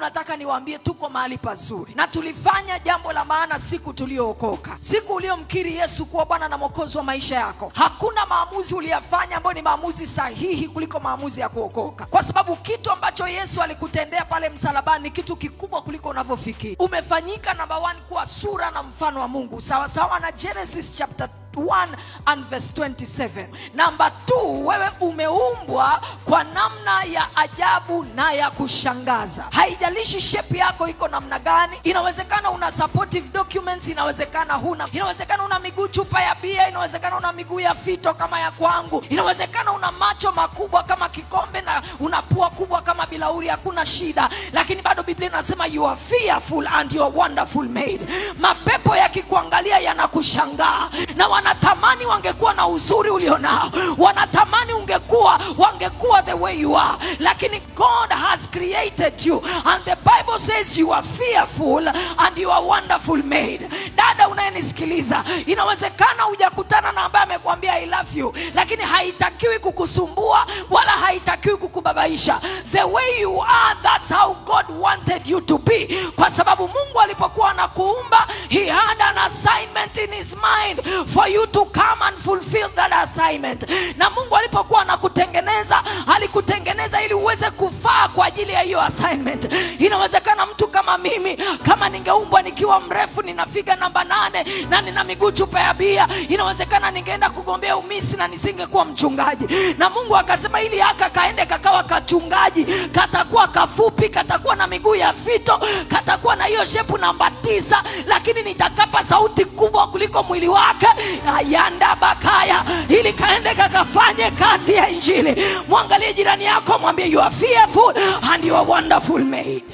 nataka niwaambie tuko mahali pazuri na tulifanya jambo la maana siku tuliookoka siku uliomkiri Yesu kuwa Bwana na Mwokozi wa maisha yako. Hakuna maamuzi uliyafanya ambayo ni maamuzi sahihi kuliko maamuzi ya kuokoka, kwa sababu kitu ambacho Yesu alikutendea pale msalabani ni kitu kikubwa kuliko unavyofikiri. Umefanyika namba kuwa sura na mfano wa Mungu, sawasawa na Genesis chapter 1 and verse 27. Namba 2, wewe umeumbwa kwa namna ya ajabu na ya kushangaza. Haijalishi shape yako iko namna gani, inawezekana una supportive documents, inawezekana huna, inawezekana una miguu chupa ya bia, inawezekana una miguu ya fito kama ya kwangu, inawezekana una macho makubwa kama kikombe na una pua kubwa kama bilauri, hakuna shida, lakini bado Biblia inasema you are fearful and you are wonderful made. Mapepo yakikuangalia yanakushangaa na wanatamani wangekuwa na uzuri ulionao, wanatamani ungekuwa wangekuwa the way you are, lakini God has created you and the Bible says you are fearful and you are wonderful made. Dada unayenisikiliza, inawezekana hujakutana na ambaye amekwambia I love you, lakini haitakiwi kukusumbua wala haitakiwi kukubabaisha. The way you are, that's how God wanted you to be, kwa sababu Mungu alipokuwa anakuumba he had an assignment in his mind for you to come and fulfill that assignment. Na Mungu alipokuwa anakutengeneza alikutengeneza ili uweze kufaa kwa ajili ya hiyo assignment. Inawezekana mtu kama mimi, kama ningeumbwa nikiwa mrefu ninafika namba nane na nina miguu chupa ya bia, inawezekana ningeenda kugombea umisi na nisingekuwa mchungaji. Na Mungu akasema ili aka kaende kakawa kachungaji, katakuwa kafupi, katakuwa na miguu ya fito, katakuwa na hiyo shepu namba tisa, lakini nitakapa sauti kubwa kuliko mwili wake ayanda bakaya, ili kaende kakafanye kazi ya Injili. Mwangalie jirani yako, mwambie you are fearful and you are wonderful made.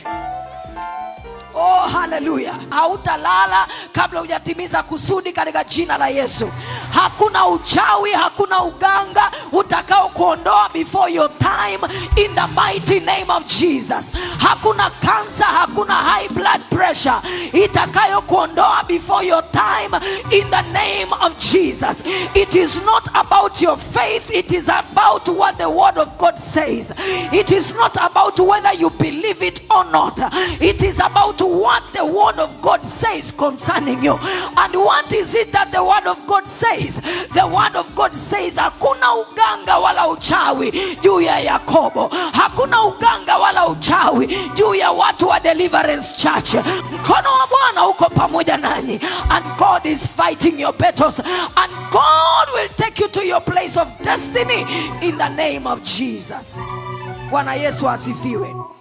Oh, haleluya! Hautalala kabla hujatimiza kusudi katika jina la Yesu. Hakuna uchawi, hakuna uganga utakao kuondoa before your time in the mighty name of Jesus. Hakuna kansa, hakuna high blood pressure itakayo kuondoa before your time in the name of Jesus. It is not about your faith, it is about what the Word of God says. It is not about whether you believe it or not, it is about what the Word of God says concerning you. And what is it that the Word of God says? The Word of God says, Hakuna uganga wala uchawi juu ya Yakobo, hakuna uchawi juu ya watu wa Deliverance Church. Mkono wa Bwana uko pamoja nanyi, and God is fighting your battles and God will take you to your place of destiny in the name of Jesus. Bwana Yesu asifiwe.